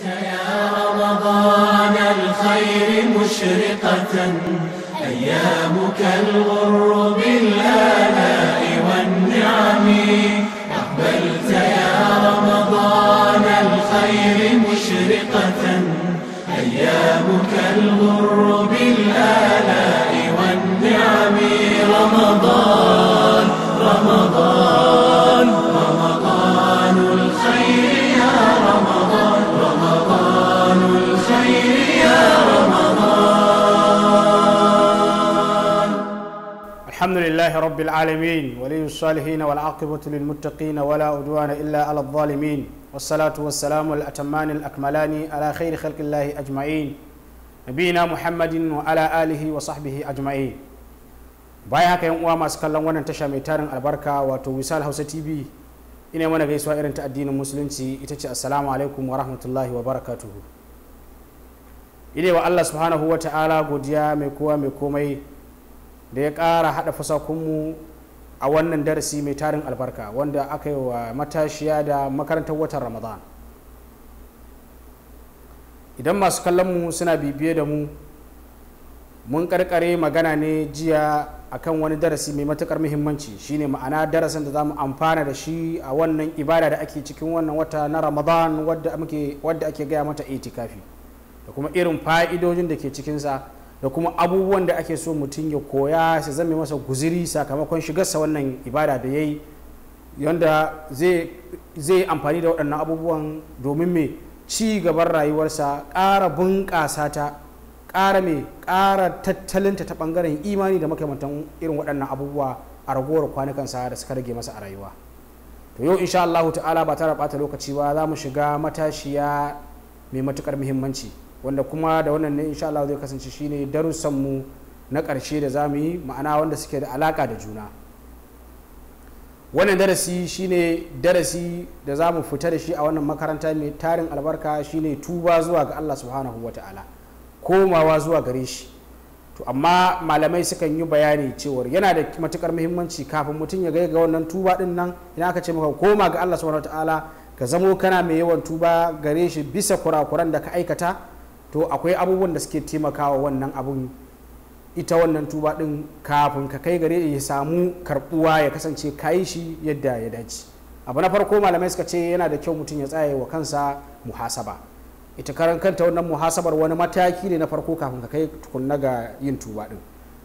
أتت يا رمضان الخير مشرقة أيامك الغر بالآلاء والنعم أقبلت يا رمضان الخير مشرقة أيامك الغر بالآلاء الحمد لله رب العالمين ولي الصالحين والعاقبة للمتقين ولا عدوان إلا على الظالمين والصلاة والسلام الأتمان الأكملان على خير خلق الله أجمعين نبينا محمد وعلى آله وصحبه أجمعين bayan haka yan uwa masu kallon wannan tasha mai tarin albarka wato wisal hausa tv ina mana gaisuwa irin ta addinin musulunci ita ce assalamu alaikum wa rahmatullahi wa barakatuhu ina wa allah subhanahu wa ta'ala godiya mai kowa mai komai da ya ƙara haɗa fasakunmu a wannan darasi mai tarin albarka wanda aka yi wa matashiya da makarantar watan ramadan idan masu kallonmu suna bibiye da mu mun karkare magana ne jiya akan wani darasi mai matukar muhimmanci shine ma'ana darasin da za mu amfana da shi a wannan ibada da ake cikin wannan wata na ramadan wadda ake gaya mata itikafi da kuma irin fa'idojin da ke cikinsa da kuma abubuwan da ake so mutum ya koya sai zame masa guziri sakamakon shigarsa wannan ibada da ya yi yadda zai amfani da waɗannan abubuwan domin mai ci gaban rayuwarsa ƙara bunƙasa ta ƙara mai ƙara tattalinta ta ɓangaren imani da makamantan irin waɗannan abubuwa a ragowar kwanukan sa da suka rage masa a rayuwa to yau inshaallahu ta'ala ba tara ɓata lokaci ba za mu shiga matashiya mai matuƙar muhimmanci wanda kuma da wannan ne insha Allah zai kasance shine darussan mu na ƙarshe da za mu yi ma'ana wanda suke da alaka da juna wannan darasi shine darasi da za mu fita da shi a wannan makaranta mai tarin albarka shine tuba zuwa ga Allah subhanahu wata'ala komawa zuwa gare shi to amma malamai sukan yi bayani cewa yana da matukar muhimmanci kafin mutum ya ga wannan tuba din nan ina aka ce maka koma ga Allah subhanahu wata'ala ka zamo kana mai yawan tuba gare shi bisa kurakuran da ka aikata to akwai abubuwan da suke taimakawa wannan abun ita wannan tuba din kafin ka kai gare ya samu karbuwa ya kasance kayi shi yadda ya dace abu na farko malamai suka ce yana da kyau mutum ya tsaye wa kansa muhasaba ita karan kanta wannan muhasabar wani mataki ne na farko kafin ka kai tukunna ga yin tuba din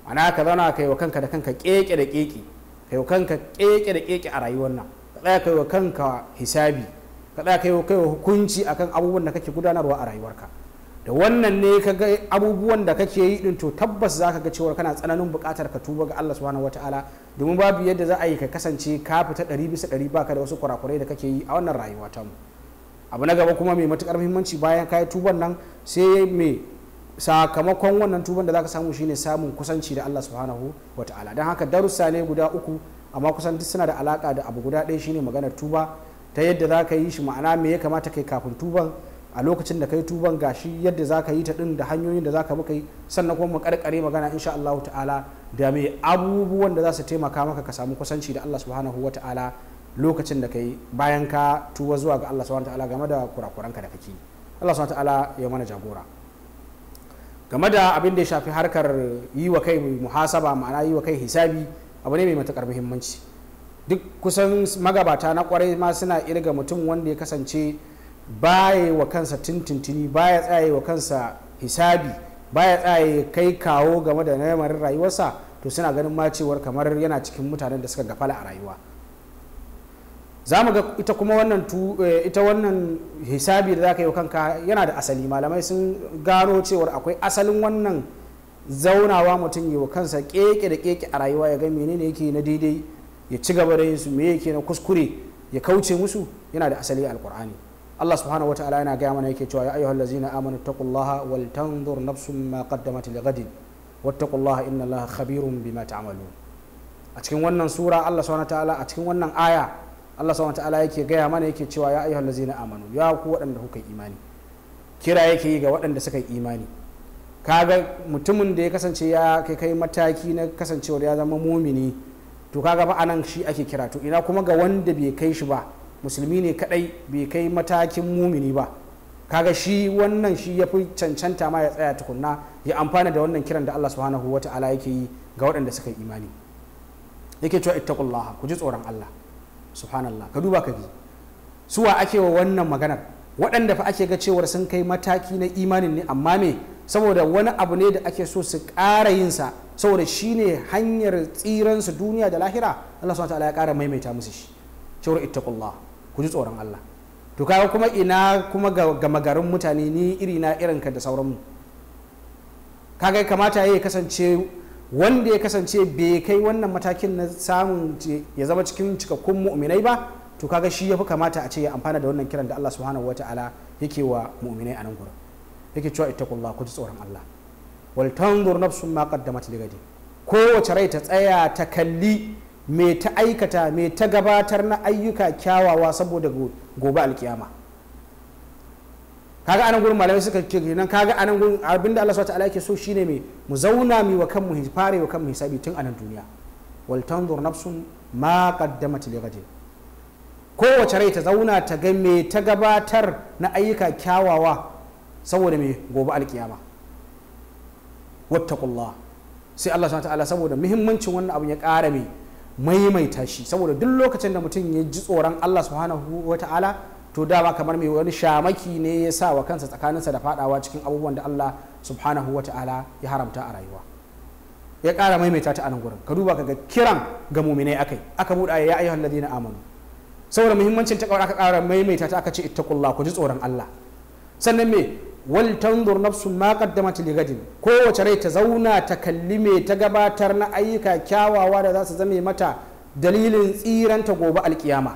ana ka zauna kai wa kanka da kanka keke da keke kai wa kanka keke da keke a rayuwar nan ka tsaya kai wa kanka hisabi ka tsaya kai wa hukunci akan abubuwan da kake gudanarwa a rayuwarka da wannan ne ka ga abubuwan da kake yi din to tabbas za ka ga cewa kana tsananin buƙatar ka tuba ga Allah subhanahu wataala domin babu yadda za a yi ka kasance ka fita ɗari bisa ɗari baka da wasu kurakurai da kake yi a wannan rayuwa ta mu abu na gaba kuma mai matuƙar muhimmanci bayan ka yi tuban nan sai mai sakamakon wannan tuban da za ka samu shine samun kusanci da Allah subhanahu wataala don haka darussa ne guda uku amma kusan duk suna da alaƙa da abu guda ɗaya shine maganar tuba ta yadda za ka yi shi ma'ana me ya kamata kai kafin tuban a lokacin da kai tuban gashi yadda za ka yi ta din da hanyoyin da za ka muka yi sannan kuma mu karkare magana insha Allah ta'ala da mai abubuwan da za su taimaka maka ka samu kusanci da Allah subhanahu wa ta'ala lokacin da kai bayan ka tuba zuwa ga Allah subhanahu wa ta'ala game da ka da kake Allah subhanahu wa ta'ala ya mana jagora game da abin da ya shafi harkar yi wa kai muhasaba ma'ana yi wa kai hisabi abu ne mai matakar muhimmanci duk kusan magabata na kwarai ma suna irga mutum wanda ya kasance baya wa kansa tintintini baya tsaye wa kansa hisabi baya tsaye kai kawo game da namarin rayuwarsa to suna ganin macewar kamar yana cikin mutanen da suka gafala a rayuwa za mu ga ita kuma wannan eh, ita wannan hisabi da za ka yi wa kanka yana da asali malamai sun gano cewar akwai asalin wannan zaunawa mutum yi wa kansa keke da keke a rayuwa ya ga menene yake na daidai ya ci gaba da yin su me yake na kuskure ya kauce musu yana da asali alkur'ani Allah subhanahu wataala yana gaya mana yake cewa ya ayyuhal ladzina amanu taqullaha wal tanzur nafsum ma qaddamat ghadin wattaqullaha innallaha khabirun bima ta'malun a cikin wannan sura Allah subhanahu wataala a cikin wannan aya Allah subhanahu wataala yake gaya mana yake cewa ya ayyuhal ladzina amanu ya ku waɗanda kuka imani kira yake yi ga waɗanda suka imani kaga mutumin da ya kasance ya kai kai mataki na kasancewar ya zama mumini to kaga ba anan shi ake kira to ina kuma ga wanda bai kai shi ba musulmi ne kadai bai kai matakin mumini ba kaga shi wannan shi ya fi cancanta ma ya tsaya tukunna ya amfana da wannan kiran da Allah subhanahu wa ta'ala yake yi ga waɗanda suka yi imani yake cewa ittaqullaha ku ji tsoron Allah subhanallah ka duba ka bi suwa ake wa wannan maganar waɗanda fa ake ga cewar sun kai mataki na imanin ne amma me saboda wani abu ne da ake so su ƙara yin sa saboda shine hanyar tsiransu duniya da lahira Allah subhanahu wa ta'ala ya ƙara maimaita musu shi cewar ittaqullaha ku ji tsoron Allah to kaga kuma ina kuma gama garin mutane ni iri na irinka da sauran mu kaga kamata ya kasance wanda ya kasance bai kai wannan matakin na samun ya zama cikin cikakkun mu'minai ba to kaga shi ya fi kamata a ce ya amfana da wannan kiran da Allah subhanahu wataala yake wa mu'minai a nan gurin yake cewa ittaqullah ku ji tsoron Allah wal tanzur nafsun ma qaddamat ligadi kowace rai ta tsaya ta kalli Mai ta aikata mai ta gabatar na ayyuka kyawawa saboda gobe alkiyama kaga anan gurin malamai suka ce nan kaga anan gurin abinda Allah subhanahu wataala yake so shine me mu zauna mi wa kanmu fare wa kanmu hisabi tun anan duniya wal tanzur nafsun ma qaddamat li ghadin kowace rai ta zauna ta ga me ta gabatar na ayyuka kyawawa saboda me gobe alkiyama wattaqullah sai Allah subhanahu ta'ala saboda muhimmancin wannan abun ya ƙara mai. maimaita shi saboda duk lokacin da mutum ya ji tsoron Allah subhanahu wa ta'ala to dama kamar mai wani shamaki ne ya sa wa kansa tsakaninsa da fadawa cikin abubuwan da Allah subhanahu wa ta'ala ya haramta a rayuwa ya ƙara maimaita ta a nan gurin ka duba ka ga kiran ga muminai akai aka buɗa ya ayyuhal ladina amanu saboda muhimmancin ta aka ƙara maimaita ta aka ce ittaqullah ku ji tsoron Allah sannan me wal tanzur nafsun ma qaddamat li gadin kowace rai ta zauna ta kalli me ta gabatar na ayyuka kyawawa da za su zame mata dalilin tsiranta gobe alkiyama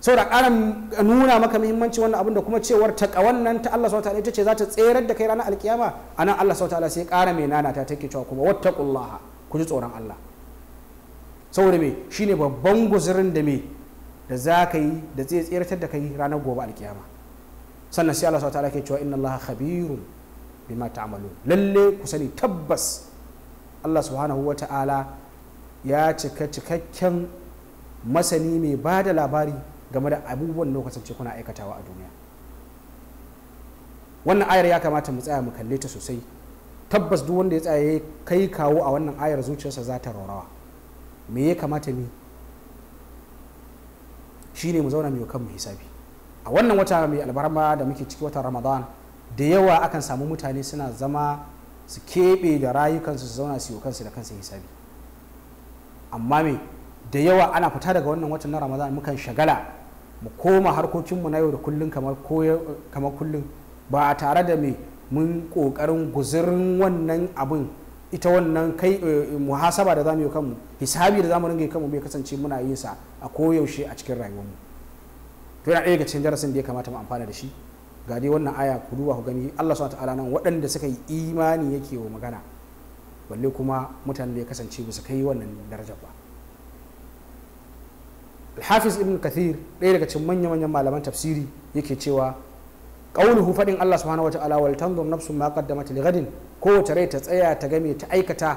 saboda ƙaran nuna maka muhimmanci wannan abin da kuma cewar ta wannan ta Allah subhanahu ita ce za ta tserar da kai ranar alkiyama anan Allah subhanahu sai kara mai nana ta take cewa kuma wattaqullaha ku ji tsoron Allah saboda me shine babban guzurin da me da za ka yi da zai tseratar da kai ranar gobe alkiyama sannan sai Allah ta'ala ke cewa inna Allah khabirun bima ta'malun lalle ku sani tabbas Allah subhanahu wa ta'ala ya cika cikakken masani mai ba da labari game da abubuwan lokacin ce kuna aikatawa a duniya wannan ayar ya kamata mu tsaya mu kalle ta sosai tabbas duk wanda ya tsaya kai kawo a wannan ayar zuciyarsa za ta rawa me ya kamata ni shine mu zauna mu kan mu hisabi a wannan wata mai albarma da muke ciki wata ramadan da yawa akan samu mutane suna zama su keɓe da rayukansu su zauna su yi kansu da kansu hisabi amma me da yawa ana fita daga wannan watan na ramadan mukan shagala mu koma harkokinmu na yau da kullum kamar kullum ba tare da me mun ƙoƙarin guzirin wannan abin ita wannan kai eh, muhasaba da zamu yi kanmu hisabi da zamu ringa kanmu bai kasance muna yin sa a koyaushe a cikin rayuwarmu to yana ɗaya daga cikin darasin da ya kamata mu amfana da shi ga dai wannan aya ku duba ku gani Allah subhanahu wataala nan waɗanda suka yi imani yake wa magana balle kuma mutanen da ya kasance ba su kai wannan darajar ba Al-Hafiz Ibn Kathir ɗaya daga cikin manya-manyan malaman tafsiri yake cewa qauluhu fadin Allah subhanahu wataala wal tanzur nafsun ma qaddamat lighadin ko rai ta tsaya ta game ta aikata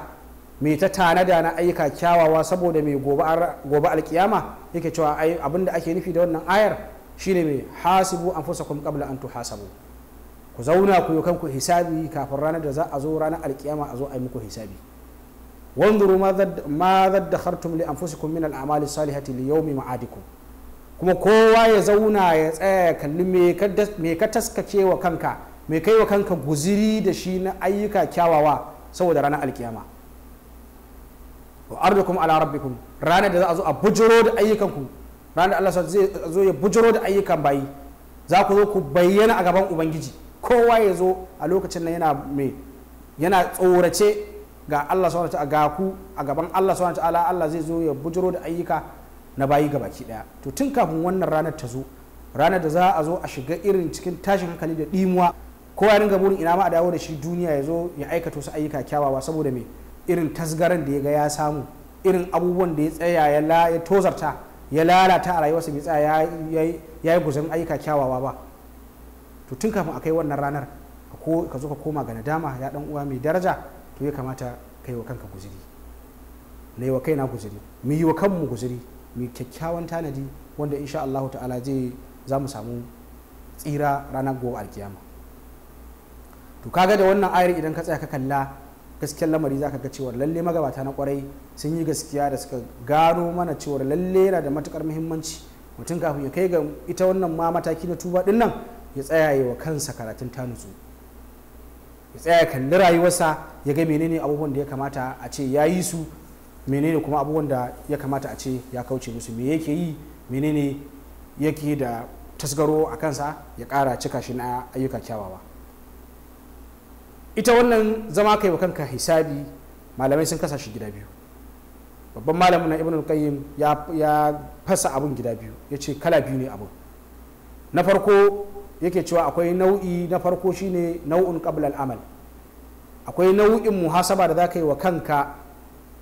me ta tanada na ayyuka kyawawa saboda mai gobe alkiyama yake cewa abinda ake nufi da wannan ayar shine mai hasibu kuma kabla an tuhasabu ku zauna ku yi kanku hisabi kafin ranar da za a zo ranar alkiyama a zo a yi muku hisabi wanzuru ma zaddakhartum li anfusikum min al'amali salihati li yawmi ma'adikum kuma kowa ya zauna ya tsaya ya kalli me ka taskace wa kanka me kai wa kanka guziri da shi na ayyuka kyawawa saboda ranar alkiyama wa ardukum ala rabbikum ranar da za a zo a bujiro da ayyukanku ranar Allah zai zo ya bujiro da ayyukan bayi za ku zo ku bayyana a gaban ubangiji kowa ya zo a lokacin nan yana mai yana tsorace ga Allah subhanahu ta'ala ga ku a gaban Allah subhanahu Allah zai zo ya bujiro da ayyuka na bayi ga baki daya to tun kafin wannan ranar ta zo ranar da za a zo a shiga irin cikin tashin hankali da dimuwa kowa ya ringa burin ina ma a dawo da shi duniya ya zo ya aikata wasu ayyuka kyawawa saboda me irin tasgaran da ya ga ya samu irin abubuwan da ya tsaya ya la ya tozarta ya lalata a rayuwarsa bai tsaya ya yi guzarin aika kyawawa ba to tun kafin a kai wannan ranar ka zo ka koma ga nadama ya dan uwa mai daraja to ya kamata ka yi wa kanka guziri na yi wa kaina guziri mu yi wa kanmu guziri mu kyakkyawan tanadi wanda insha Allah ta'ala zai za mu samu tsira ranar gobe alkiyama to kaga da wannan ayar idan ka tsaya ka kalla gaskiyar lamari zaka ga cewar lalle magabata na kwarai sun yi gaskiya da suka gano mana cewar lalle yana da matukar muhimmanci mutum kafin ya kai ga ita wannan ma mataki na tuba din nan ya tsaya yi wa kansa karatun nutsu ya tsaya kalli rayuwarsa ya ga menene abubuwan da ya kamata a ce ya yi su menene kuma abubuwan da ya kamata a ce ya kauce musu me yake yi menene yake da tasgaro a kansa ya kara cika shi na ayyuka kyawawa ita wannan zama kai wa kanka hisabi malamai sun kasa shi gida biyu babban malamin na ibn qayyim ya ya fasa abun gida biyu ya ce kala biyu ne abun na farko yake cewa akwai nau'i na farko shine nau'un qabla al-amal akwai nau'in muhasaba da zaka yi wa kanka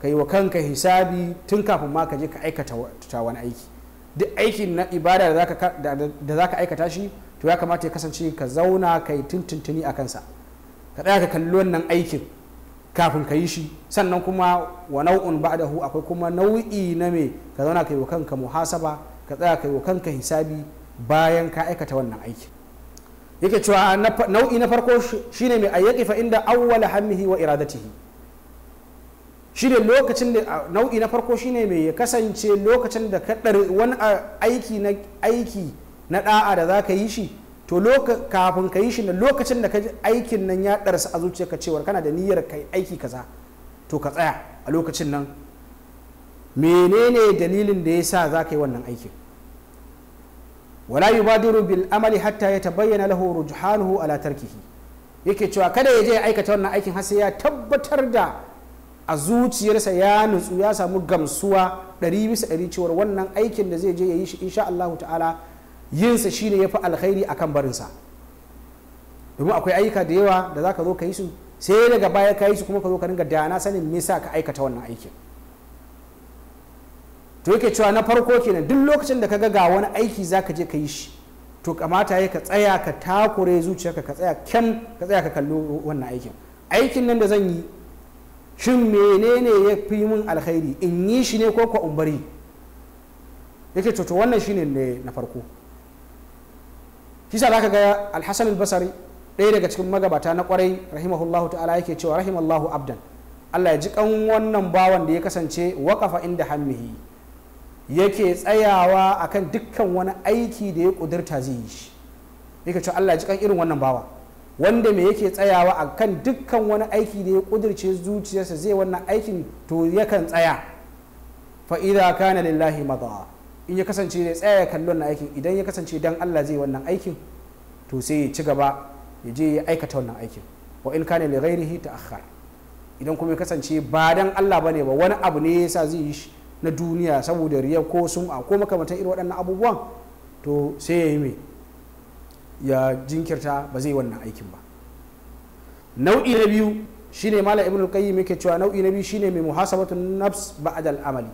kai wa kanka hisabi tun kafin ma ka je ka aikata wani aiki duk aikin na ibada da zaka aikata shi to ya kamata ya kasance ka zauna kai tuntuntuni a kansa ka tsaya ka kalli wannan aikin kafin ka yi shi sannan kuma wa nau'un hu akwai kuma nau'i na me ka zauna ka yi wa kanka muhasaba ka tsaya ka yi wa kanka hisabi bayan ka aikata wannan aikin yake cewa nau'i na farko shine mai ayyaki fa inda awwala hammihi wa iradatihi shine lokacin da nau'i na farko shine mai ya kasance lokacin da ka wani aiki na aiki na da'a da zaka yi shi to kafin ka yi shi na lokacin da ka ji aikin nan ya ɗarsa a zuciyarka cewar kana da niyyar ka aiki kaza to ka tsaya a lokacin nan menene dalilin da ya sa za ka yi wannan aikin wala yubadiru bil amali hatta ya tabayyana lahu rujhanuhu ala tarkihi yake cewa kada ya je ya aikata wannan aikin har sai ya tabbatar da a zuciyarsa ya nutsu ya samu gamsuwa ɗari bisa ɗari cewar wannan aikin da zai je ya yi shi insha Allah ta'ala yinsa shine fi alkhairi akan barinsa domin akwai ayyuka da yawa da zaka zo ka yi su sai daga baya ka yi su kuma ka zo ka ringa dana sanin me sa ka aikata wannan aikin to yake cewa na farko kenan duk lokacin da ka ga ga wani aiki zaka je ka yi shi to kamata ya ka tsaya ka takure zuciyarka ka tsaya kyan ka tsaya ka kallo wannan aikin aikin nan da zan yi shin menene ya fi min alkhairi in yi shi ne ko ko in bari yake to wannan shine na farko shi sa zaka ga alhassan albasari ɗaya daga cikin magabata na kwarai rahimahullahu ta'ala yake cewa rahimallahu abdan Allah ya ji kan wannan bawan da ya kasance waƙafa inda hammihi yake tsayawa akan dukkan wani aiki da ya ƙudurta zai yi shi yake cewa Allah ya ji kan irin wannan bawa wanda me yake tsayawa akan dukkan wani aiki da ya ƙudurce zuciyarsa zai wannan aikin to yakan tsaya fa'ida idza kana lillahi madha in ya kasance ne tsaya kallon kalli aikin idan ya kasance dan Allah zai wannan aikin to sai ya ci gaba ya je ya aikata wannan aikin wa in kana li ghairihi ta'akhkhar idan kuma ya kasance ba dan Allah bane ba wani abu ne yasa zai yi na duniya saboda riya ko sum'a ko makamantan irin waɗannan abubuwan to sai ya yi me ya jinkirta ba zai wannan aikin ba nau'i na biyu shine malam ibnu qayyim yake cewa nau'i na biyu shine mai muhasabatu nafs ba'dal amali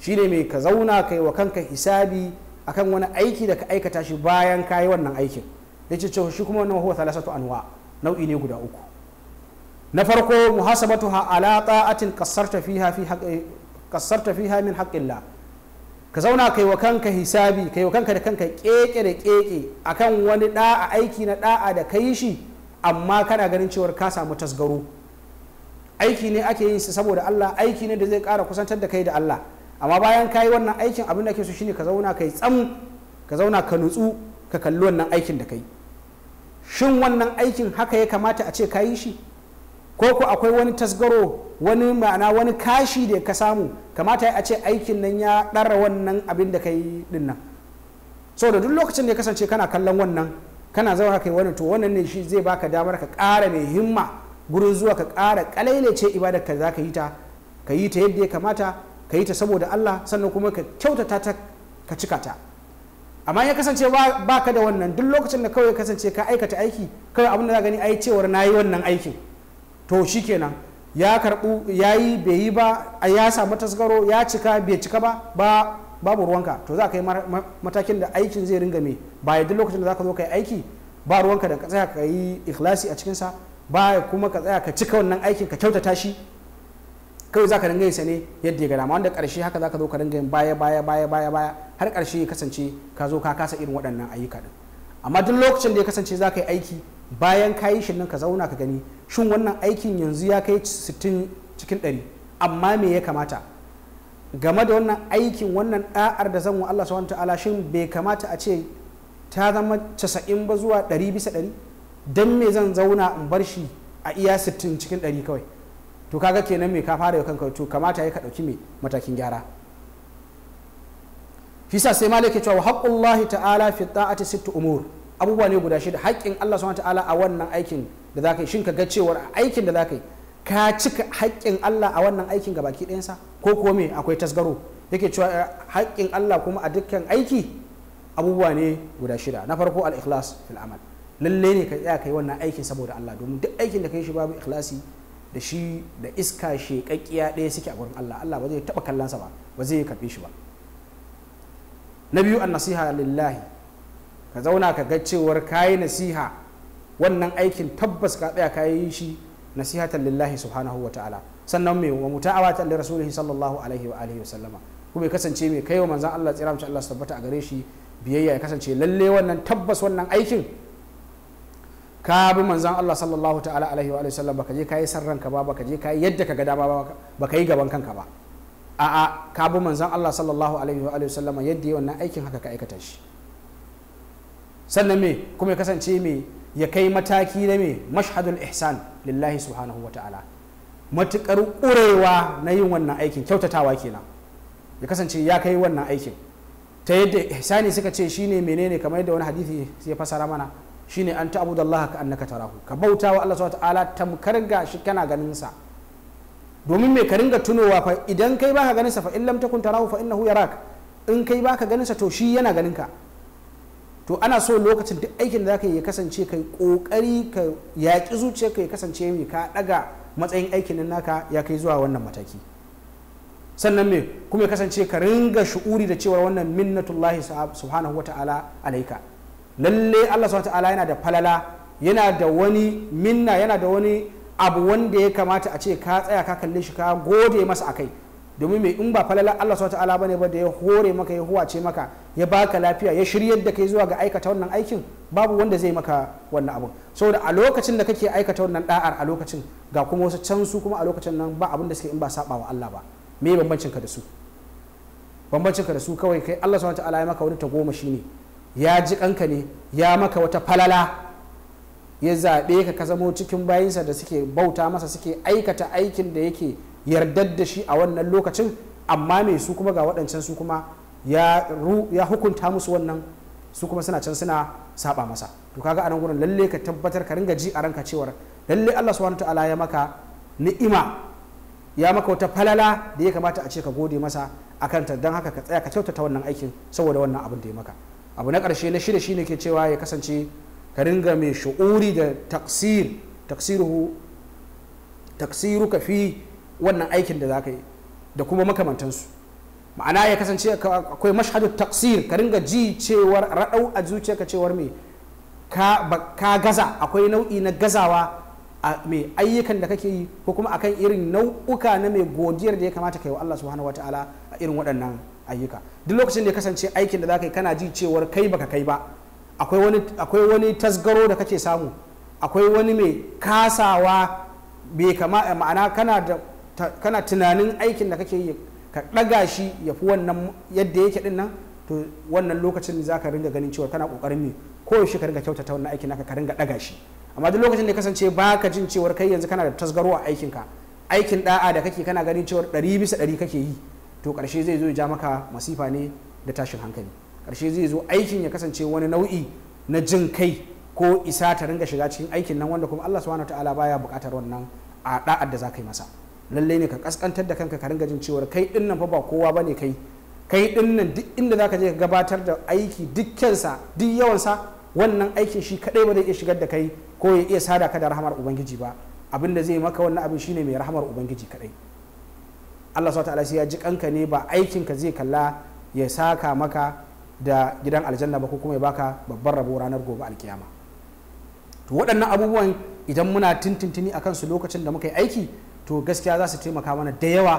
shine mai ka zauna kai wa kanka hisabi akan wani aiki da ka aikata shi bayan ka yi wannan aikin da ce cewa shi kuma wannan huwa thalathatu anwa nau'i ne guda uku na farko muhasabatu ala ta'atin qassarta fiha fi haqqi fiha min haqqillah ka zauna kai wa kanka hisabi kai wa kanka da kanka keke da keke akan wani da'a aiki na da'a da kai shi amma kana ganin cewar ka samu tasgaro aiki ne ake yin saboda Allah aiki ne da zai kara kusantar da kai da Allah amma bayan ka yi wannan aikin abin da ke so shine ka zauna ka yi tsam ka zauna ka nutsu ka kalli wannan aikin da ka yi shin wannan aikin haka ya kamata a ce ka yi shi ko ko akwai wani tasgaro wani ma'ana wani kashi da ka samu kamata a ce aikin nan ya ɗara wannan abin da ka yi ɗin nan saboda duk lokacin da ya kasance kana kallon wannan kana zauna yi wannan to wannan ne shi zai baka damar ka ƙara mai himma gurin zuwa ka ƙara kalailace ibadar ka za ka yi ta ka yi ta yadda ya kamata ka yi ta saboda Allah sannan kuma ka kyautata ta ka cika ta amma ya kasance ba ka da wannan duk lokacin da kawai kasance ka aikata aiki kawai abin da za gani ai cewar na yi wannan aikin to shikenan ya karbu ya yi bai yi ba ya samu tasgaro ya cika bai cika ba ba babu ruwanka to za ka yi matakin da aikin zai ringa mai ba duk lokacin da za ka zo ka yi aiki ba ruwanka da ka tsaya ka yi ikhlasi a cikinsa ba kuma ka tsaya ka cika wannan aikin ka kyautata shi kawai ka dinga yin sa ne yadda ya gada ma wanda karshe haka ka zo ka dinga yin baya baya baya baya baya har karshe ya kasance ka zo ka kasa irin waɗannan ayyuka din amma duk lokacin da ya kasance za ka yi aiki bayan ka yi shi nan ka zauna ka gani shin wannan aikin yanzu ya kai sittin cikin 100 amma me ya kamata game da wannan aikin wannan da'ar da zan wa Allah subhanahu wataala shin bai kamata a ce ta zama casa'in ba zuwa 100 bisa 100 dan me zan zauna in bar shi a iya sittin cikin 100 kawai to kaga kenan me ka fara kanka to kamata ya ka ɗauki me matakin gyara fisa sai malik ya ce wa haqqullahi ta'ala fi ta'ati sittu umur abubuwa ne guda shida haƙƙin Allah subhanahu ta'ala a wannan aikin da zaka yi shin ka ga cewar aikin da zaka yi ka cika haƙƙin Allah a wannan aikin ga baki ɗayansa ko ko me akwai tasgaro yake cewa eh, haƙƙin Allah kuma a dukkan aiki abubuwa ne guda shida na farko al-ikhlas fil amal lalle ne ka tsaya kai wannan aikin saboda Allah domin duk aikin da kai shi babu ikhlasi da shi da iska sheƙaƙƙiya ɗaya suke a gurin Allah Allah ba zai taɓa kallonsa ba ba zai karɓe shi ba na biyu an nasiha lillahi ka zauna ka ga cewar kayi nasiha wannan aikin tabbas ka tsaya ka yi shi nasihatan lillahi subhanahu wa ta'ala sannan mai wa muta'awata li rasulihi sallallahu alaihi wa alihi wa sallama kuma ya kasance mai wa manzon Allah tsiramci Allah su tabbata a gare shi biyayya ya kasance lalle wannan tabbas wannan aikin ka bi manzan Allah sallallahu ta'ala alaihi wa sallam baka je kayi san ranka ba baka je kayi yadda ka ga dama ba baka yi gaban kanka ba a'a ka bi manzan Allah sallallahu alaihi wa sallam yadda wannan aikin haka ka aikata shi sannan me kuma ya kasance me ya kai mataki na me mashhadul ihsan lillahi subhanahu wa ta'ala matukar ƙurewa na yin wannan aikin kyautatawa kenan ya kasance ya kai wannan aikin ta yadda ihsani suka ce shine menene kamar yadda wani hadisi ya fasara mana shine an ta'budu Allah ka annaka tarahu ka bauta wa Allah subhanahu ta'ala tamkar ga shi kana ganin sa domin mai ka ringa tunowa fa idan kai baka ganin sa fa in lam takun tarahu fa innahu yarak in kai baka ganin sa to shi yana ganin ka to ana so lokacin duk aikin da zaka yi ya kasance kai kokari ka yaki zuciya ka ya kasance mai ka daga matsayin aikin naka ya kai zuwa wannan mataki sannan me kuma ya kasance ka ringa shu'uri da cewa wannan minnatullahi subhanahu wata'ala alaika lalle Allah subhanahu ta'ala yana da falala yana da wani minna yana da wani abu wanda ya kamata a ce ka tsaya ka kalle shi ka gode masa akai domin mai in ba falala Allah subhanahu ta'ala bane ba da ya hore maka ya huwace maka ya baka lafiya ya shiryar da kai zuwa ga aikata wannan aikin babu wanda zai maka wannan abu saboda a lokacin da kake aikata wannan da'ar a lokacin ga kuma wasu can su kuma a lokacin nan ba abin da suke in ba saba wa Allah ba me bambancin ka da su bambancin ka da su kawai kai Allah subhanahu ta'ala ya maka wani shi ne ya ji kanka ne ya maka wata falala ya zaɓe ka ka zamo cikin bayinsa da suke bauta masa suke aikata aikin da yake yardar da shi a wannan lokacin amma me su kuma ga waɗancan su kuma ya hukunta musu wannan su kuma suna can suna saba masa to kaga a nan gurin lalle ka tabbatar ka ringa ji a ranka cewar lalle Allah subhanahu ta'ala ya maka ni'ima ya maka wata falala da ya kamata a ce ka gode masa akan ta don haka ka tsaya ka kyautata wannan aikin saboda wannan abin da ya maka abu na karshe na shida shine ke cewa ya kasance ka ringa mai shu'uri da taksir taksiruhu taksiru ka fi wannan aikin da za ka yi da kuma makamantansu ma'ana ya kasance akwai mashhadu taksir ka ringa ji cewar raɗau a zuciyarka cewar mai ka gaza akwai nau'i na gazawa a mai ayyukan da kake yi ko kuma akan irin nau'uka na mai godiyar da ya kamata ka yi wa Allah subhanahu ta'ala a irin waɗannan ayyuka duk lokacin da ya kasance aikin da za ka yi kana ji cewar kai baka kai ba akwai wani akwai tasgaro da kake samu akwai wani mai kasawa bai kama ma'ana kana tunanin aikin da kake yi ka ɗaga shi ya fi wannan yadda yake din nan to wannan lokacin za ka ringa ganin cewa kana ƙoƙarin ne ko shi ka ringa kyautata wannan aikin naka ka ringa ɗaga shi amma duk lokacin da kasance ba ka jin cewar kai yanzu kana da tasgaro a aikinka aikin da'a da kake kana ganin cewar ɗari bisa ɗari kake yi to karshe zai zo ya ja maka masifa ne da tashin hankali karshe zai zo aikin ya kasance wani nau'i na jin kai ko isa ta ringa shiga cikin aikin nan wanda kuma Allah subhanahu ta'ala baya bukatar wannan a da'ar da za ka yi masa lalle ne ka kaskantar da kanka ka ringa jin cewa kai din nan fa ba kowa bane kai kai din nan duk inda zaka je ka gabatar da aiki dukkansa duk yawansa wannan aikin shi kadai ba zai iya shigar da kai ko ya iya sada ka da rahamar ubangiji ba abinda zai maka wannan abin shine mai rahmar ubangiji kadai Allah sa ta'ala ya ji kanka ne ba aikin ka zai kalla ya saka maka da gidan aljanna ba ko kuma ya baka babban rabo ranar gobe alkiyama to waɗannan abubuwan idan muna tintintini akan su lokacin da muka yi aiki to gaskiya za su taimaka mana da yawa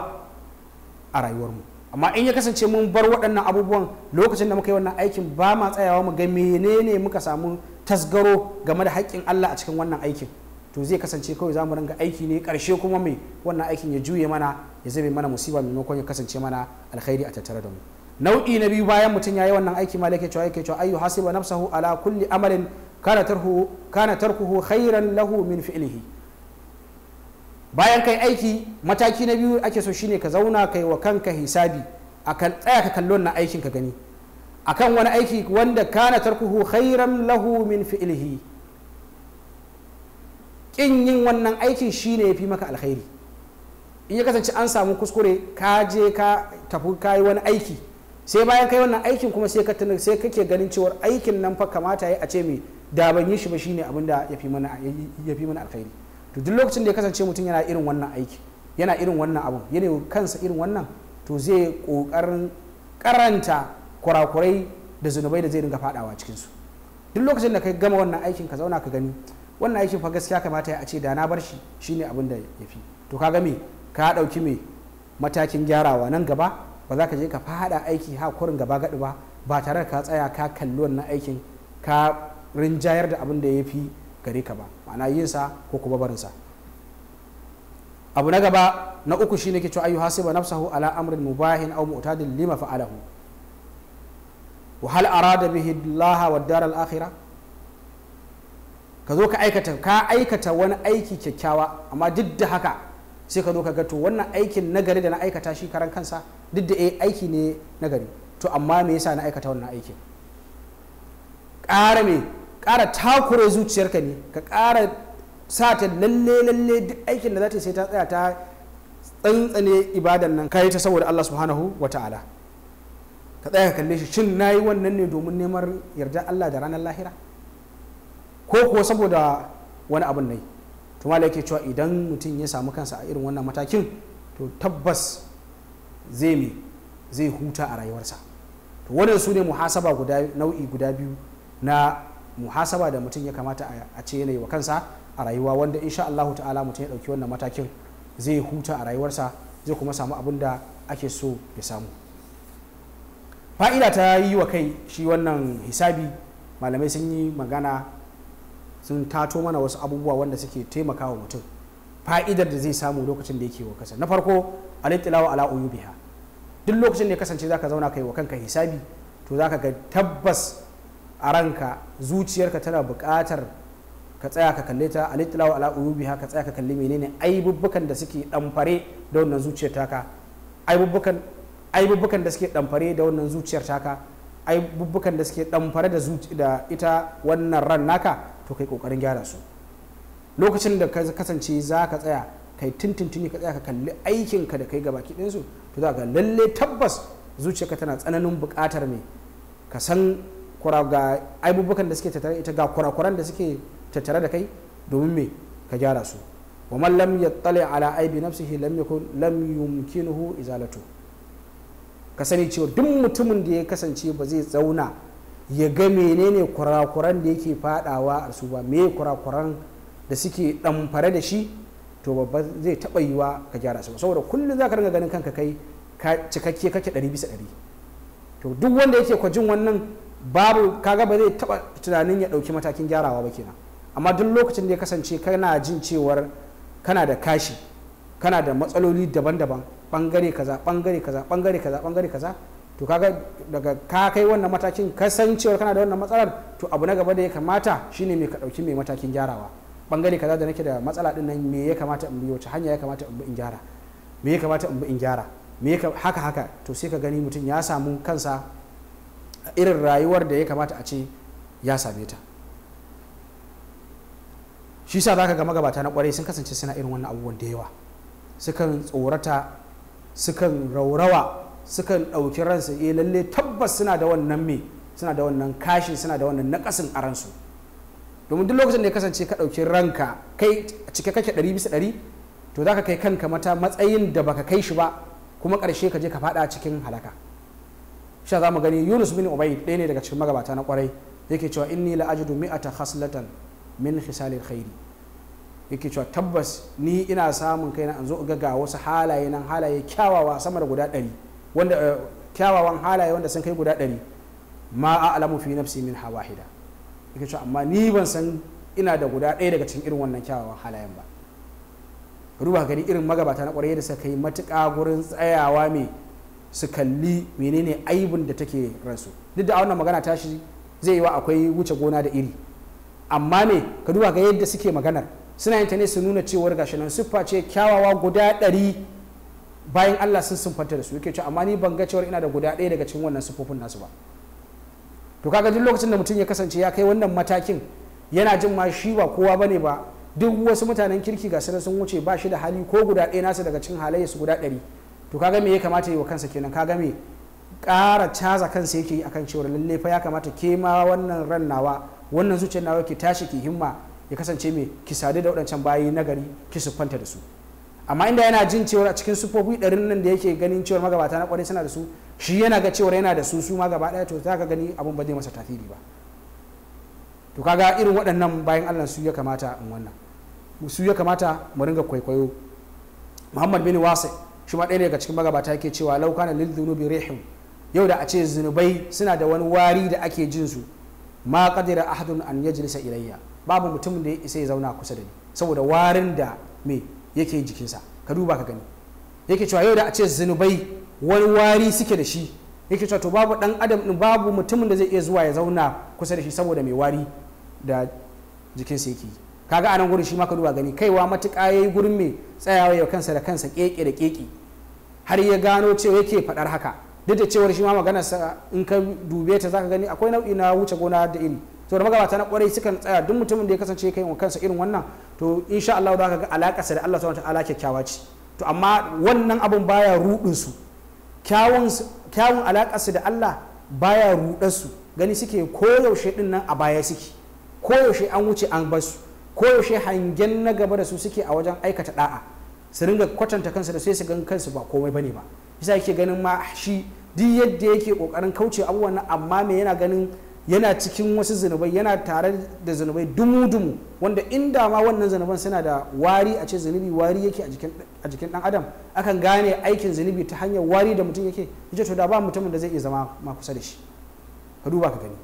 a rayuwarmu amma in ya kasance mun bar waɗannan abubuwan lokacin da muka yi wannan aikin ba ma tsayawa mu ga menene muka samu tasgaro game da haƙƙin Allah a cikin wannan aikin to zai kasance kawai za mu ringa aiki ne karshe kuma mai wannan aikin ya juye mana ya zame mana musiba maimakon ya kasance mana alkhairi a tattare da mu nau'i na biyu bayan mutum ya yi wannan aiki ma lake cewa yake cewa ayyu hasiba nafsahu ala kulli amalin kana tarhu kana tarkuhu khairan lahu min fi'lihi bayan kai aiki mataki na biyu ake so shine ka zauna kai wa kanka hisabi akan tsaya ka kallon na aikin ka gani akan wani aiki wanda kana tarkuhu khairan lahu min fi'lihi kin yin wannan aikin shine ya fi maka alkhairi in ya kasance an samu kuskure ka je ka tafi ka yi wani aiki sai bayan kai wannan aikin kuma sai ka sai kake ganin cewa aikin nan fa kamata ya a ce mai da ban yi shi ba shine abin da ya fi mana alkhairi to duk lokacin da ya kasance mutum yana irin wannan aiki yana irin wannan abu yana kansa irin wannan to zai kokarin karanta kurakurai da zunubai da zai dinga fadawa cikin su duk lokacin da ka gama wannan aikin ka zauna ka gani wannan aikin fa gaskiya kamata ya ce da na bar shi shine abin da ya fi to ka ga me ka ɗauki me matakin gyarawa nan gaba ba za ka je ka fada aiki ha kurin gaba gadi ba ba tare da ka tsaya ka kalli wannan aikin ka rinjayar da abin da ya fi gare ka ba ma'ana yin sa ko kuma barin sa abu na gaba na uku shine ke cewa ayu hasiba nafsahu ala amrin mubahin aw mu'tadin lima fa'alahu wa hal arada bihi Allah wa dar al-akhirah ka zo ka aikata ka aikata wani aiki kyakkyawa amma duk da haka sai ka zo ka ga to wannan aikin nagari da na aikata shi karan kansa duk da eh aiki ne nagari to amma me yasa na aikata wannan aikin ƙara me ƙara takure zuciyarka ne ka ƙara sa ta lalle lalle duk aikin da za ta sai ta tsaya ta tsantsane ibadan nan ka ta saboda Allah subhanahu wa ta'ala ka tsaya ka kalle shi shin nayi wannan ne domin neman yarda Allah da ranar lahira ko kuwa saboda wani abin ne to yake cewa idan mutum ya samu kansa a irin wannan matakin to tabbas zai me zai huta a rayuwarsa to wani su ne muhasaba guda nau'i guda biyu na muhasaba da mutum ya kamata a ce yanayi wa kansa a rayuwa wanda insha Allahu ta'ala mutum ya dauki wannan matakin zai huta a rayuwarsa zai kuma samu abin da ake so ya samu fa'ida ta yi wa kai shi wannan hisabi malamai sun yi magana sun tato mana wasu abubuwa wanda suke taimakawa mutum fa'idar da zai samu lokacin da yake wa kasa na farko alitilawa ala uyubiha duk lokacin da ya kasance zaka zauna kai wa kanka hisabi to zaka ga tabbas a ranka zuciyarka tana buƙatar ka tsaya ka kalle ta alitilawa ala uyubiha ka tsaya ka kalli menene aibubbukan da suke damfare da wannan zuciyar taka aibubbukan aibubbukan da suke damfare da wannan zuciyar taka aibubbukan da suke damfare da ita wannan ran naka to kai kokarin gyara su lokacin da ka kasance za ka tsaya kai tuntuntuni ka tsaya ka kalli aikin ka da kai gaba ɗinsu to za ka lalle tabbas zuciyarka tana tsananin buƙatar me ka san kura ga aibubukan da suke tattare ita ga kurakuran da suke tattare da kai domin me ka gyara su wa man lam yattali ala aibi nafsihi lam yakun lam yumkinuhu izalatu ka sani cewa duk mutumin da ya kasance ba zai zauna ya ga menene kurakuran da yake fadawa a su ba me kurakuran da suke damfare da shi to babba zai taba yiwa ka gyara su saboda kullum za ka riga ganin kanka kai ka cikakke kake ɗari bisa ɗari to duk wanda yake kwajin wannan babu kaga ba zai taba tunanin ya ɗauki matakin gyarawa ba kenan amma duk lokacin da ya kasance kana jin cewar kana da kashi kana da matsaloli daban-daban bangare kaza bangare kaza bangare kaza bangare kaza to kaga daga ka kai wannan matakin kasancewar kana da wannan matsalar to abu na gaba da ya kamata shine mai ka dauki mai matakin gyarawa bangare kaza da nake da matsala din nan me ya kamata in bi wace hanya ya kamata in bi in gyara me ya kamata in bi in gyara me haka haka to sai ka gani mutum ya samu kansa irin rayuwar da ya kamata a ce ya same ta shi sa za ka ga magabata na kwarai sun kasance suna irin wannan abubuwan da yawa sukan tsorata sukan raurawa sukan ɗauki ransu e lalle tabbas suna da wannan me suna da wannan kashin suna da wannan nakasin a ransu domin duk lokacin da ya kasance ka ɗauki ranka kai cike kake ɗari bisa ɗari to za ka kai kanka mata matsayin da baka kai shi ba kuma ƙarshe ka je ka faɗa cikin halaka sha za mu gani yunus bin ubayi ɗaya ne daga cikin magabata na kwarai yake cewa inni la ajidu ta khaslatan min khisalil khairi yake cewa tabbas ni ina samun kaina an zo ga wasu halaye nan halaye kyawawa sama da guda ɗari wanda eh, kyawawan halaye wanda sun kai guda ɗari ma a alamu fi nafsi min hawahida yake cewa amma ni ban san ina da guda ɗaya daga cikin irin wannan kyawawan halayen ba ba gani irin magabata na ƙwarai da suka yi matuƙa gurin tsayawa mai su kalli menene aibin da take ransu duk da wannan magana tashi zai yi wa akwai wuce gona da iri amma ne ka duba ga yadda suke maganar suna yin ta ne su nuna cewar gashi nan siffa ce kyawawa guda ɗari bayan Allah sun sunfanta da su yake cewa amma ni ban ga cewa ina da guda ɗaya daga cikin wannan sufofin nasu ba to kaga duk lokacin da mutum ya kasance ya kai wannan matakin yana jin ma shi ba kowa bane ba duk wasu mutanen kirki ga sanar sun wuce ba shi da hali ko guda ɗaya nasu daga cikin halayya su guda ɗari to kaga me ya kamata yi wa kansa kenan kaga me ƙara caza kansa yake yi akan cewa lalle fa ya kamata ke ma wannan ran nawa wannan zuciyar nawa ki tashi ki himma ya kasance me ki sadu da waɗancan bayi nagari ki siffanta da su amma inda yana jin cewar a cikin sufofi ɗarin nan da yake ganin cewar magabata na kwarai suna da su shi yana ga cewar yana da su su ma gaba ɗaya to za ka gani abin ba zai masa tasiri ba to kaga irin waɗannan bayan allah su ya kamata in wannan su ya kamata mu ringa kwaikwayo muhammad bin wasa shi ma ɗaya daga cikin magabata yake cewa laukana lil dhunubi rihim yau da a ce zunubai suna da wani wari da ake jin su ma qadira ahadun an yajlisa ilayya babu mutumin da ya isa ya zauna kusa da ni saboda warin da me yake yin jikinsa ka duba ka gani yake cewa yau da a ce zunubai wani wari suke da shi yake cewa to babu dan adam din babu mutumin da zai iya zuwa ya zauna kusa da shi saboda mai wari da jikinsa yake yi kaga anan gurin shi ma ka duba gani kaiwa matuƙa yayi gurin mai tsayawa ya kansa da kansa keke da keke har ya gano cewa yake faɗar haka duk da cewar shi ma sa in ka dube ta zaka gani akwai nau'i na wuce gona da iri to da magabata na kwarai sukan tsaya duk mutumin da ya kasance kai wa kansa irin wannan to insha Allah za ka ga alakarsa da Allah subhanahu wataala kyakkyawa ce to amma wannan abun baya rudin su kyawun kyawun alakarsa da Allah baya rudar su gani suke koyaushe din nan a baya suke koyaushe an wuce an bar su koyaushe hangen na gaba da su suke a wajen aikata da'a su ringa kwatanta kansu da sai su gan kansu ba komai bane ba yasa yake ganin ma shi duk yadda yake kokarin kauce abubuwan amma me yana ganin yana cikin wasu zunubai yana tare da zunubai dumu-dumu wanda inda ma wannan zunuban suna da wari a ce zunubi wari yake a jikin dan adam akan gane aikin zunubi ta hanyar wari da mutum yake yace to da ba mutumin da zai iya zama ma kusa da shi ka duba ka gani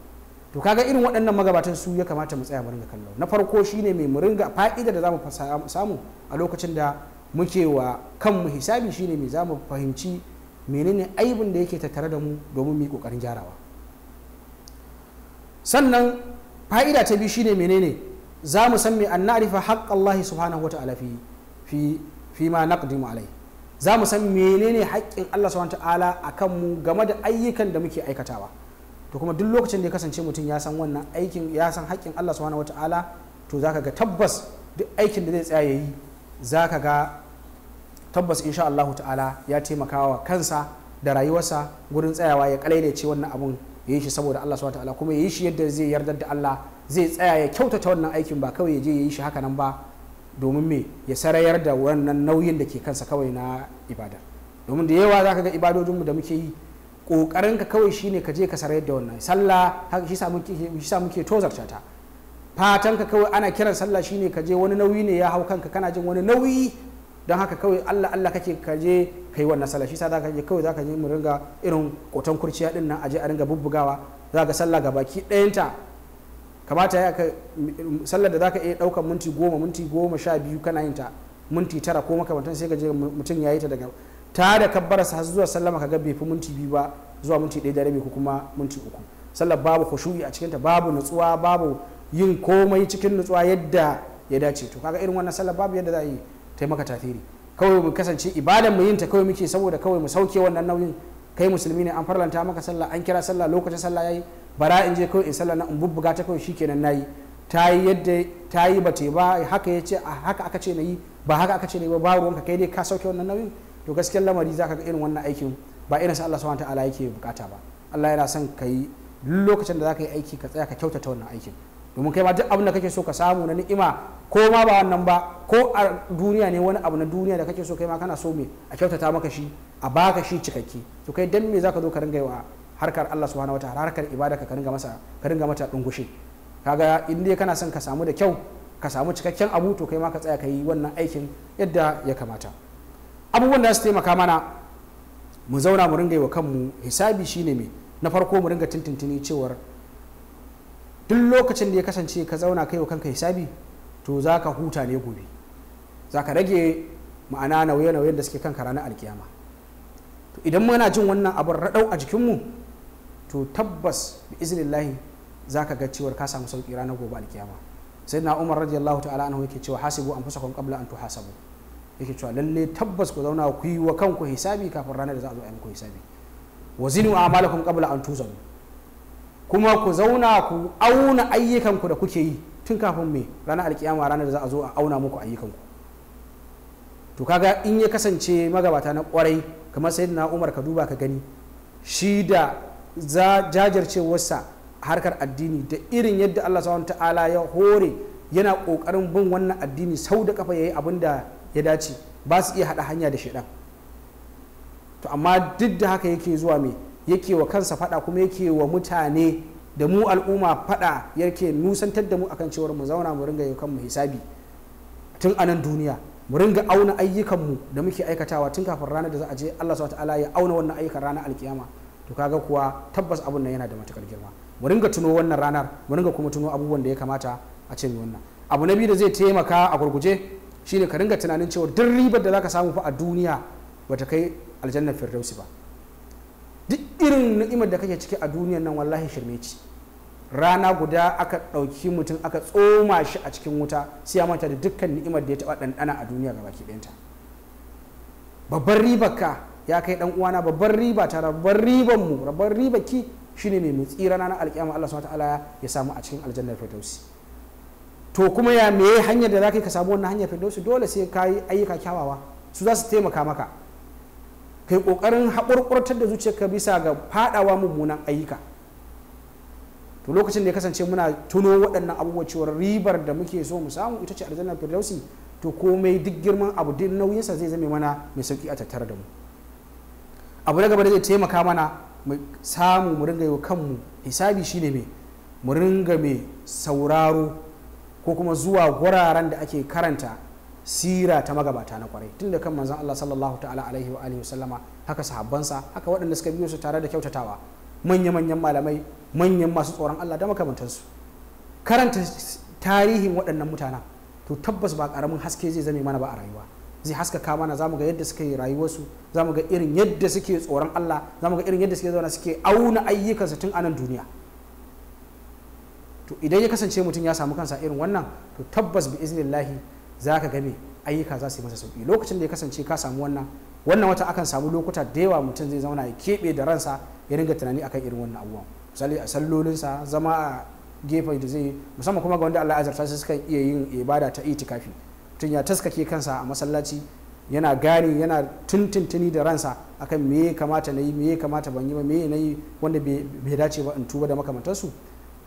to kaga irin waɗannan magabatan su ya kamata mu tsaya mu ringa kallo na farko shine mai mu ringa fa'ida da zamu samu a lokacin da muke wa kanmu hisabi shine mai zamu fahimci menene aibin da yake tattare da mu domin mu yi kokarin gyarawa sannan fa'ida ta biyu shine menene za mu san mai an na'rifa haqqallahi subhanahu wa ta'ala fi fi fi ma naqdimu alai za mu san menene haƙƙin Allah subhanahu wa ta'ala akan mu game da ayyukan da muke aikatawa to kuma duk lokacin da ya kasance mutum ya san wannan aikin ya san haƙƙin Allah subhanahu wa ta'ala to zaka ga tabbas duk aikin da zai tsaya ya yayi zaka ga tabbas insha Allah ta'ala ya taimakawa kansa da rayuwarsa gurin tsayawa ya ce wannan abun ya yi shi saboda Allah subhanahu ta'ala kuma ya yi shi yadda zai yarda da Allah zai tsaya ya kyautata wannan aikin ba kawai ya je ya yi shi haka nan ba domin me ya sarayar da wannan nauyin da ke kansa kawai na ibada domin da yawa zaka ga ibadojinmu da muke yi kokarin ka kawai shine ka je ka sarayar da wannan sallah haka shi sa muke shi sa muke tozarta ta fatan ka kawai ana kiran sallah shine ka je wani nauyi ne ya hau kanka kana jin wani nauyi don haka kawai Allah Allah kake ka je kai wannan sallah shi sa zaka je kawai zaka je mu ringa irin kotan kurciya din nan je a ringa bubbugawa za ka sallah ga baki ɗayanta kamata ya sallar da zaka iya ɗaukar minti goma minti goma sha biyu kana yin ta minti tara ko makamantan sai ka je mutum ya yi ta daga ta da kabbararsa har zuwa sallama ka ga bai fi minti biyu ba zuwa minti ɗaya da rabi ko kuma minti uku sallar babu shuɗi a cikinta babu nutsuwa babu yin komai cikin nutsuwa yadda ya dace to kaga irin wannan sallar babu yadda za a yi taimaka tasiri kawai mu kasance ibadan mu yin ta kawai muke saboda kawai mu sauke wannan nauyin kai musulmi ne an farlanta maka sallah an kira sallah lokacin sallah yayi bara in je kawai in sallah na in bubbuga ta kawai shikenan nayi ta yi yadda ta yi ba ba haka ya ce haka aka ce nayi ba haka aka ce nayi ba ba ruwanka kai dai ka sauke wannan nauyin to gaskiyar lamari zaka ga irin wannan aikin ba irin sa Allah subhanahu wataala yake bukata ba Allah yana son kai lokacin da zaka yi aiki ka tsaya ka kyautata wannan aikin domin kai ma duk abin da kake so ka samu na ni'ima ko ma ba wannan ba ko a duniya ne wani abu na duniya da kake so kai ma kana so me a kyautata maka shi a baka shi cikakke to kai dan me zaka zo ka ringa yawa harkar Allah subhanahu wataala harkar ibada ka ringa masa ka ringa mata dungushe kaga in dai kana son ka samu da kyau ka samu cikakken abu to kai ma ka tsaya ka yi wannan aikin yadda ya kamata abubuwan da su taimaka mana mu zauna mu ringa yi wa kanmu hisabi shine me na farko mu ringa tintintini cewar duk lokacin da ya kasance ka zauna kai wa kanka hisabi to za ka huta ne gobe za ka rage ma'ana nauye-nauyen da suke kanka ranar alkiyama to idan muna jin wannan abin raɗau a jikinmu to tabbas bi iznillahi za ka ga cewar ka samu sauƙi ranar gobe alkiyama sai na umar radiyallahu ta'ala anhu yake cewa hasibu an fusa qabla an tuhasabu yake cewa lalle tabbas ku zauna ku yi wa kanku hisabi kafin ranar da za a zo a yi muku hisabi wa zinu malakun qabla an tuzanu kuma ku zauna ku auna ayyukanku da kuke yi tun kafin me ranar alkiyama ranar da za a zo a auna muku ayyukanku to kaga in ya kasance magabata na kwarai kamar sai na umar ka duba ka gani shi da jajircewarsa harkar addini da irin yadda allah sa ta'ala ya hore yana kokarin bin wannan addini sau da kafa ya yi abin da ya dace ba su iya hada hanya da shaidan to amma duk da haka yake zuwa mai yake wa kansa fada kuma yake wa mutane da mu al'umma fada yake nusantar da mu akan cewar mu zauna mu ringa yau mu hisabi tun nan duniya mu ringa auna ayyukan mu da muke aikatawa tun kafin ranar da za a je Allah subhanahu ta'ala ya auna wannan ayyukan ranar alkiyama to kaga kuwa tabbas abun nan yana da matukar girma mu ringa tuno wannan ranar mu ringa kuma tuno abubuwan da ya kamata a ce mu wannan abu na biyu da zai taimaka a gurguje shine ka ringa tunanin cewa duk ribar da zaka samu fa a duniya bata kai aljannar firdausi ba duk irin ni'imar da kake ciki a duniyar nan wallahi shirme ci rana guda aka ɗauki mutum aka tsoma shi a cikin wuta sai mata da dukkan ni'imar da ya taɓa ɗanɗana a duniya ga baki ɗayanta babban ribar ka ya kai ɗan uwana babban riba ta rabar riban mu rabar riba ki shine mai mutsi rana na alƙiyama Allah subhanahu ta'ala ya samu a cikin aljannar firdausi to kuma ya me hanyar da zaka ka samu wannan hanyar firdausi dole sai ka yi ayyuka kyawawa su za su taimaka maka kai kokarin haƙurƙurtar da zuciyarka bisa ga fadawa mummunan ayyuka to lokacin da ya kasance muna tuno waɗannan abubuwa cewar ribar da muke so mu samu ita ce aljannar firdausi to komai duk girman abu duk nauyinsa zai zame mana mai sauki a tattare da mu abu na gaba da zai taimaka mana mu samu mu ringa yi kanmu hisabi shine me mu ringa mai sauraro ko kuma zuwa guraren da ake karanta sira ta magabata na kwarai tun da kan manzon Allah sallallahu ta'ala alaihi wa alihi sallama haka sahabbansa haka waɗanda suka biyo su tare da kyautatawa manya manyan malamai manyan masu tsoron Allah da makamantansu karanta tarihin waɗannan mutanen to tabbas ba ƙaramin haske zai zame mana ba a rayuwa zai haskaka mana za mu ga yadda suke rayuwarsu za mu ga irin yadda suke tsoron Allah za mu ga irin yadda suke zauna suke auna ayyukansu tun anan duniya to idan ya kasance mutum ya samu kansa irin wannan to tabbas bi iznillahi za ka game ayyuka za su yi masa sauki lokacin da ya kasance ka samu wannan wannan wata akan samu lokuta da yawa mutum zai zauna ya keɓe da ransa ya ringa tunani akan irin wannan abuwa misali a sallolinsa zama a gefen da zai musamman kuma ga wanda Allah azarta su sukan iya yin ibada ta itikafi tun ya taskake kansa a masallaci yana gani yana tuntuntuni da ransa akan me ya kamata na yi me ya kamata ban yi ba me na yi wanda bai dace ba in tuba da makamantarsu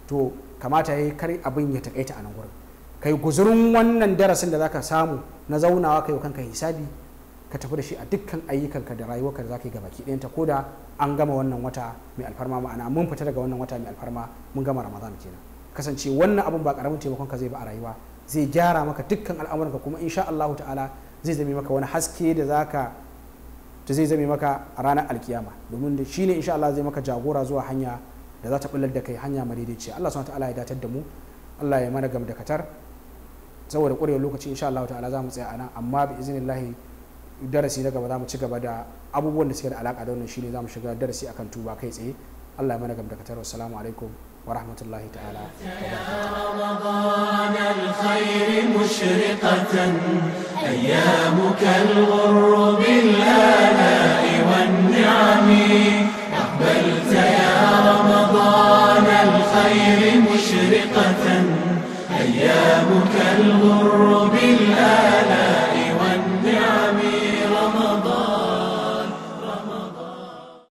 to kamata ya yi kar abin ya takaita a nan gurin kai guzurin wannan darasin da za ka samu na zaunawa kai kanka hisabi ka tafi da shi a dukkan ayyukanka da rayuwarka da ka yi gabaki ɗayanta ko da an gama wannan wata mai alfarma ma'ana mun fita daga wannan wata mai alfarma mun gama ramadan kenan kasance wannan abun ba karamin taimakon ka zai ba a rayuwa zai gyara maka dukkan al'amuranka kuma insha Allahu ta'ala zai zame maka wani haske da zaka ta zai zame maka a ranar alkiyama domin da shine insha Allah zai maka jagora zuwa hanya da za ta bullar da kai hanya madaidaiciya Allah subhanahu wa ta'ala ya datar da mu Allah ya mana gam da saboda ƙwarewar lokaci insha Allah ta'ala za mu tsaya anan amma bi iznillahi darasi na gaba za mu ci gaba da abubuwan da suke da alaka da wannan shine za mu shiga darasi akan tuba kai tsaye Allah ya mana gam da katar assalamu alaikum ورحمة الله تعالى رمضان الخير مشرقة أيامك الغر بالآلاء والنعم أقبلت يا رمضان الخير مشرقة كلامك الغر